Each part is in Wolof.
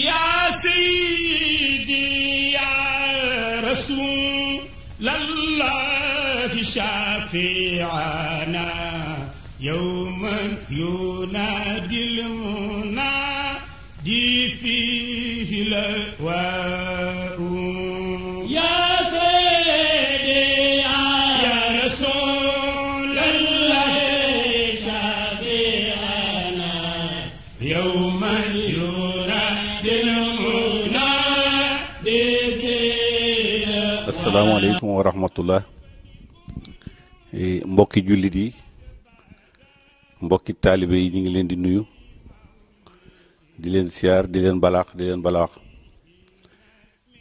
يا سيدي يا رسول الله شفيعنا يوم asalaamaaleykum wa rahmatullah eh, mbokki jullit yi mbokki taalibe yi ñu ngi leen di nuyu di leen siyaar di leen balaax di leen balaax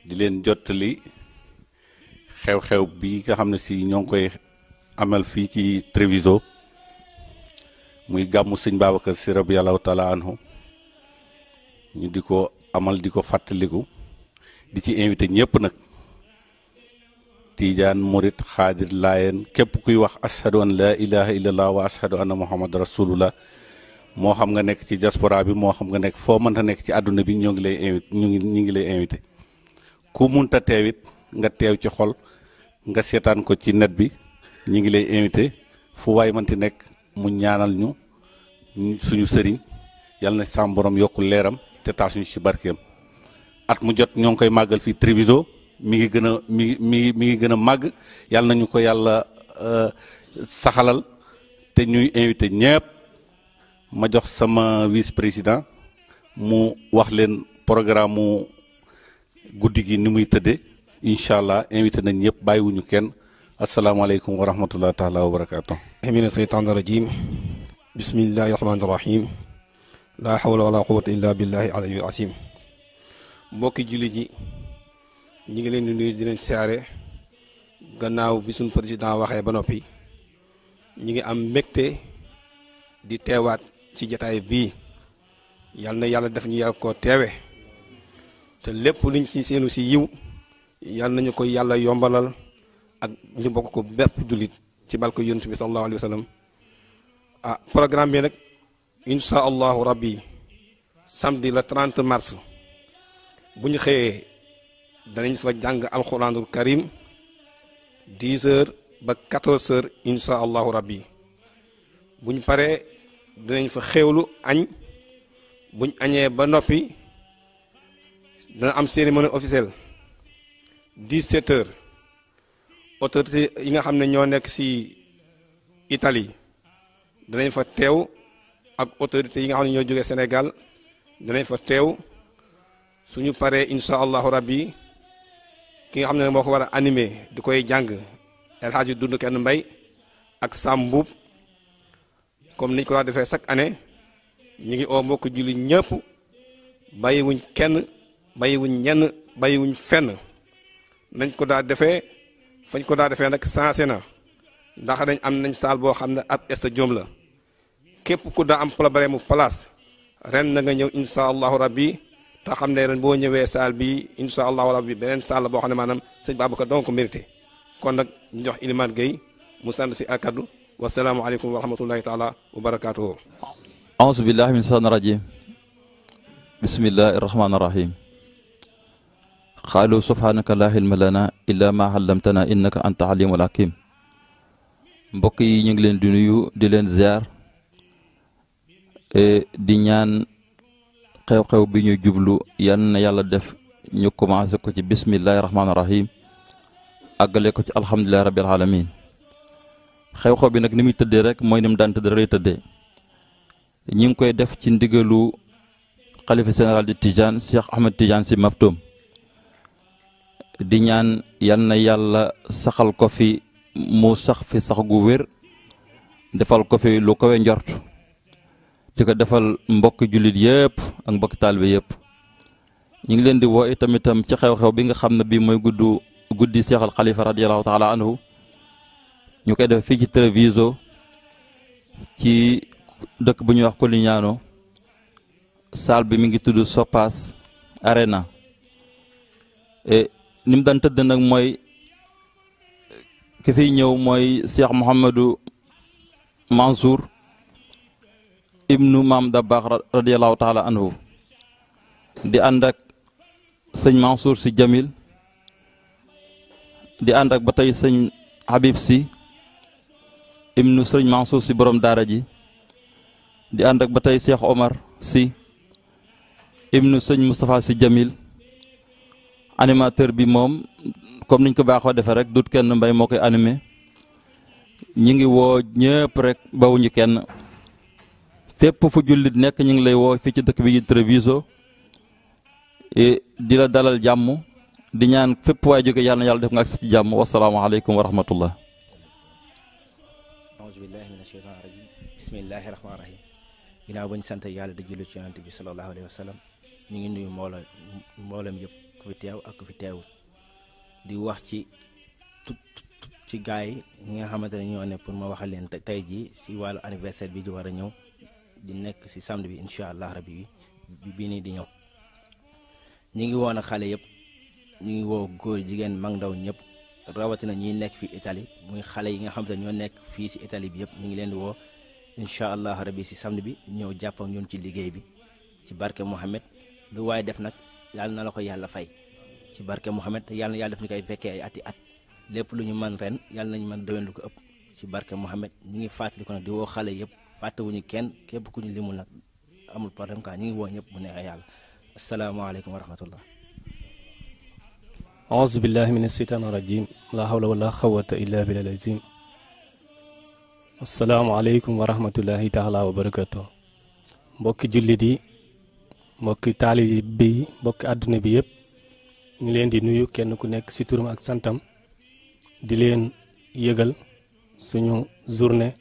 di leen jottali xew-xew bii nga xam ne si ñoo ngi koy amal fii ci Treviso muy gàmmu sëñ Babacar Sy radiyallaahu taala anhu ñu di ko amal di ko fàttaliku di ci invité ñëpp nag tiijaan murit xaadir laayeen képp kuy wax ashadu an laa ilaha illallah wa ashadu anna muhammad rasulullah moo xam nga nekk ci diaspora bi moo xam nga nekk foo mënta nekk ci àdduna bi ñoo ngi lay invité ñu ngi ñu ngi lay invité ku munta teew it nga teew ci xol nga seetaan ko ci net bi ñu ngi lay invité fu waay mënti nekk mu ñaanal ñu suñu sëriñ yàlla na sam boroom yokku leeram te taas ñu ci barkeem at mu jot ñoo ngi koy màggal fii Treviso mi ngi gën a mi mi mi ngi gën a màgg yàlla nañu ko yàlla euh, saxalal te ñuy invité ñëpp ma jox sama vice président mu wax leen programme mu guddi gi ni muy tëddee incha allah invité nañ ñëpp bàyyiwuñu kenn asalaamaaleykum wa rahmatullahi taala wa barakaatu mina seytaan rajim bismillahi rahmaani rahim laa hawla wala quwata illa mbokki julli ji ñi ngi leen di nuyu di leen siyaare gannaaw bi suñ président waxee ba noppi ñi ngi am mbégte di teewaat ci jataay bii yal na yàlla def ñu yàgg koo teewe te lépp liñ ci seenu si yiw yal nañu ko yàlla yombalal ak ñu bokk ko bépp jullit ci balko yonent bi sallallahu alayhi wa ah programme bi nag incha allahu rabbi samedi le 30 mars bu ñu xëyee danañ fa jàng alxuraanul karim 10 heures ba 14 heures incha allahu rabbi buñ paree danañ fa xewlu añ buñ añee ba noppi dana am cérémonie officielle 17 heures autorité yi nga xam ne ñoo nekk ci Italie danañ fa teew ak autorité yi nga xam ne ñoo jógee Sénégal danañ fa teew suñu paree incha allahu rabbi ki nga xam ne moo ko war a animé di koy jàng El Hadji Dund Kenn Mbay ak Sam Mbuub comme niñ ko daa defee chaque année ñu ngi oo mbokk julli ñëpp bàyyiwuñ kenn bàyyiwuñ ñenn bàyyiwuñ fenn nañ ko daa defee fañ ko daa defee nag sensé na ndax dañ am nañ saal boo xam ne ab stadium la képp ku daa am problème mu place ren na nga ñëw incha allahu rabbi te xam ne ren boo ñëwee saal bi incha allahu rabbi beneen saal la boo xam ne maanaam sëñ Babacar donc ko mérité kon nag ñu jox Ilimaan Gueye mu sant si akaddu wasalaamu aleykum wa rahmatullahi taala wa barakaatuhu aousu billahi min saan rajim bismillahi rahmaani rahim xaalu subhaanaka laa xilma lana illa ma xalamtana innaka anta alimul hakim mbokk yi ñu ngi leen di nuyu di leen ziar di ñaan xew-xew bi ñu jublu yan na yàlla def ñu commencé ko ci bismillahi rahmaani rahim àggale ko ci alhamdulilahi rabbil alamin xew-xew bi nag ni muy tëddee rek mooy ni mu daan tëddee lay tëddee ñi ngi koy def ci ndigalu xalifa général di Tijaan Cheikh Ahmed Tijaan si Maptoum di ñaan yan na yàlla saxal ko fi mu sax fi sax gu wér defal ko fi lu kawe njort di ko defal mbokk julit yépp ak mbokk talibé yépp ñi ngi leen di wo itam itam ci xew-xew bi nga xamne bi moy guddu guddii guddi al khalifa radiyallahu taala anhu ñu koy def fi ci Treviso ci dëkk bu ñu wax Colignano salle bi mi ngi tuddu Sopas Arena e nim dan tëdd nak moy ke fi ñew moy Cheikh mohammedou Mansour ibnu mam Dabbaax radiyallahu taala anhu di andak ak si Jamil di andak batay ba Habib si ibnu sëñ Mansour si borom daraji di andak batay Omar si ibnu sëñ Mustafa si Jamil animateur bi mom comme niñ ko baxo def rek nyengi kenn mbay mokay animer ñi ngi wo ñepp rek bawuñu kenn fépp fu jullit nekk ñu ngi lay woo fii ci dëkk bi di Treviso e, di la dalal jàmm di ñaan fépp waay jóge yàlla na yàlla def nga agsi ci jàmm wasalaamaaleykum wa rahmatullah aousubillahi min asheytan rajim bismillahi bañ sant yàlla di jullit ci yonent bi salallahu alayhi wa ñu ngi nuyu mbooloo mbooloom yëpp ku fi teew ak ku fi teewul di wax ci tut ci gaay yi ñi nga xamante ñu ñoo ne pour ma waxal leen tey jii si wàllu anniversaire bi di war a ñëw di nekk si samedi bi incha allah rabi bi bii nii di ñëw ñu ngi woon a xale yëpp ñu ngi woo góor jigéen mag ndaw ñëpp rawatina ñuy nekk fii itali muy xale yi nga xam te ñoo nekk fii si itali bi yëpp ñu ngi leen di woo incha allah rabi si samedi bi ñëw jàpp ak ñun ci liggéey bi ci barke Mouhamed lu waaye def nag yàlla na la ko yàlla fay ci barke Mouhamed te yàlla na yàlla def ñu koy fekkee ay ati at lépp lu ñu man ren yàlla nañu mën déwén lu ko ëpp ci barke Mouhamed ñu ngi fàttali ko di woo xale yëpp fàttewuñu kenn képp ku ñu limul nag amul problème quoi ñu ngi woo ñëpp mu neexee yàlla asalaamaaleykum wa rahmatullah auzu billahi min asheytaan la hawla wala xawata illa bilal azim asalaamaaleykum wa rahmatullahi taala wa barakatuh mbokki jullit yi mbokki taali bi mbokki àdduna bi yëpp ñu leen di nuyu kenn ku nekk ci turum ak santam di leen yëgal suñu journée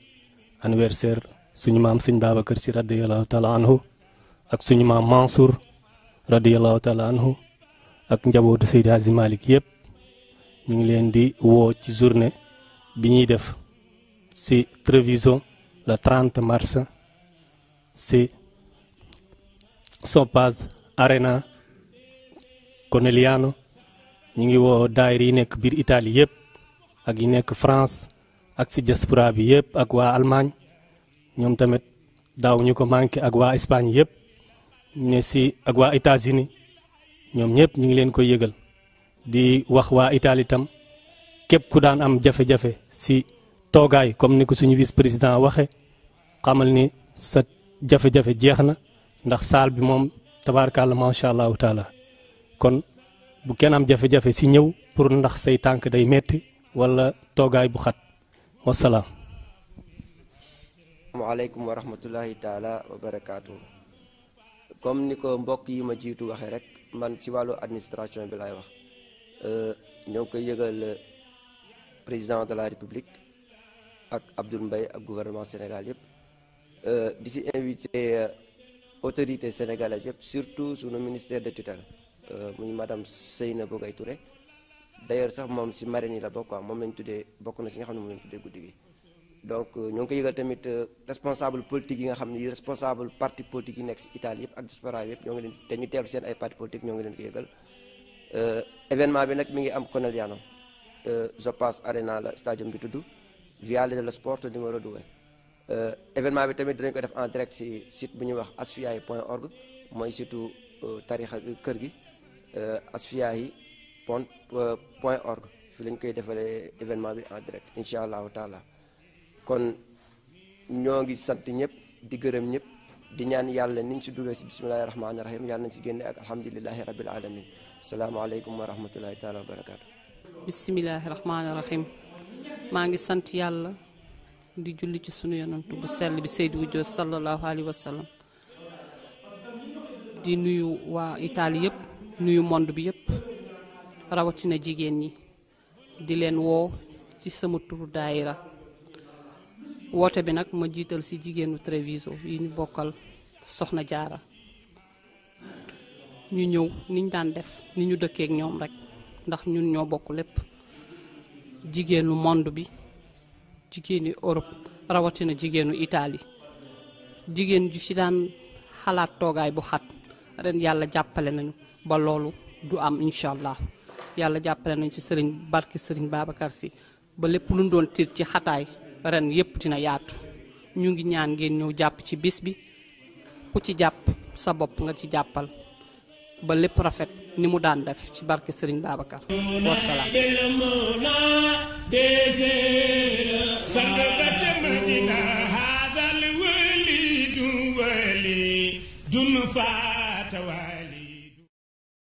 anniversaire suñu maam sëñ Babacar si radiallahu taala anhu ak suñu maam Mansour radiallahu taala anhu ak njabootu Seydi Hadji Malick yëpp ñu ngi leen di woo ci journée bi ñuy def si trévision le 30 si Sopaz Arena Conegliano ñu ngi woo daayir yi nekk biir Italie yëpp ak yi nekk France ak si diaspora bi yëpp ak waa Allemagne ñoom tamit daawuñu ko manqué ak waa Espagne yëpp ne si ak waa états ñoom ñëpp ñu ngi leen koy yëgal di wax waa Italie tam képp ku daan am jafe-jafe si toogaay comme ni ko suñu vice président waxe xamal ni sa jafe-jafe jeex na ndax saal bi moom tabaarkàlla macha allahu taala kon bu kenn am jafe-jafe si ñëw pour ndax say tànk day metti wala toogaay bu xat wasalaam asalaamaaleykum wa rahmatullahi taala wa barakaatu. comme ni ko mbokk yi ma jiitu waxee rek man ci wàllu administration bi laay wax euh, ñoo ngi koy yëgal euh, président de la république ak Abdoul mbay ak gouvernement Sénégal yëpp euh, di ci invité autorité sénégalaise yëpp surtout sunu ministère de tutelle muy madame Seynabou Gaye Touré d'ailleurs sax moom ci marine yi la bokk quoi moom lañ tuddee bokk na ci nga xam ne moom lañ tuddee guddi gi donc euh, ñoo ngi ko yëgal tamit euh, responsable politique yi nga xam ne responsable parti politique yi nekk si Italie yëpp ak diaspora yëpp ñoo ngi leen te ñu teew seen ay parti politique ñoo ngi leen ko yëgal euh, événement bi nag mi ngi am Conegliano Zopas Arena la stadium bi tudd Viale dello Sport numéro 2 événement bi tamit dinañ ko def en direct si site bu ñuy wax yi point org mooy surtout tarixa kër gi asfiyahi point point org fi lañ koy defalee événement bi en direct incha allahu taala kon ñoo ngi sant ñëpp di gërëm ñëpp di ñaan yàlla niñ ci duggee ci bismillahi rahmaani rahim yàlla nañ ci génne ak alhamdulilahi rabil alamin asalaamaaleykum wa rahmatullahi taala wa barakaatu bismillahi rahmaani rahim maa ngi sant yàlla di julli ci sunu yonantu bu sell bi Seydou Wudio sallallahu alayhi wa sallam di nuyu waa Italie yëpp nuyu monde bi yëpp rawatina jigéen ñi di leen woo ci sama turu daayira woote bi nag ma jiital si jigéenu Treviso yi ñu bokkal soxna jaara ñu ñëw niñ daan def ni ñu dëkkeek ñoom rek ndax ñun ñoo bokk lépp jigéenu monde bi jigéenu Europe rawatina jigéenu Italie jigéen ju ci daan xalaat toogaay bu xat ren yàlla jàppale nañu ba loolu du am incha allah yàlla jàppale nañu ci sëriñ barki sëriñ Babacar si ba lépp luñ doon tiir ci xataay ren yëpp dina yaatu ñu ngi ñaan ngeen ñëw jàpp ci bis bi ku ci jàpp sa bopp nga ci jàppal ba lépp rafet ni mu daan def ci barke Serigne Babacar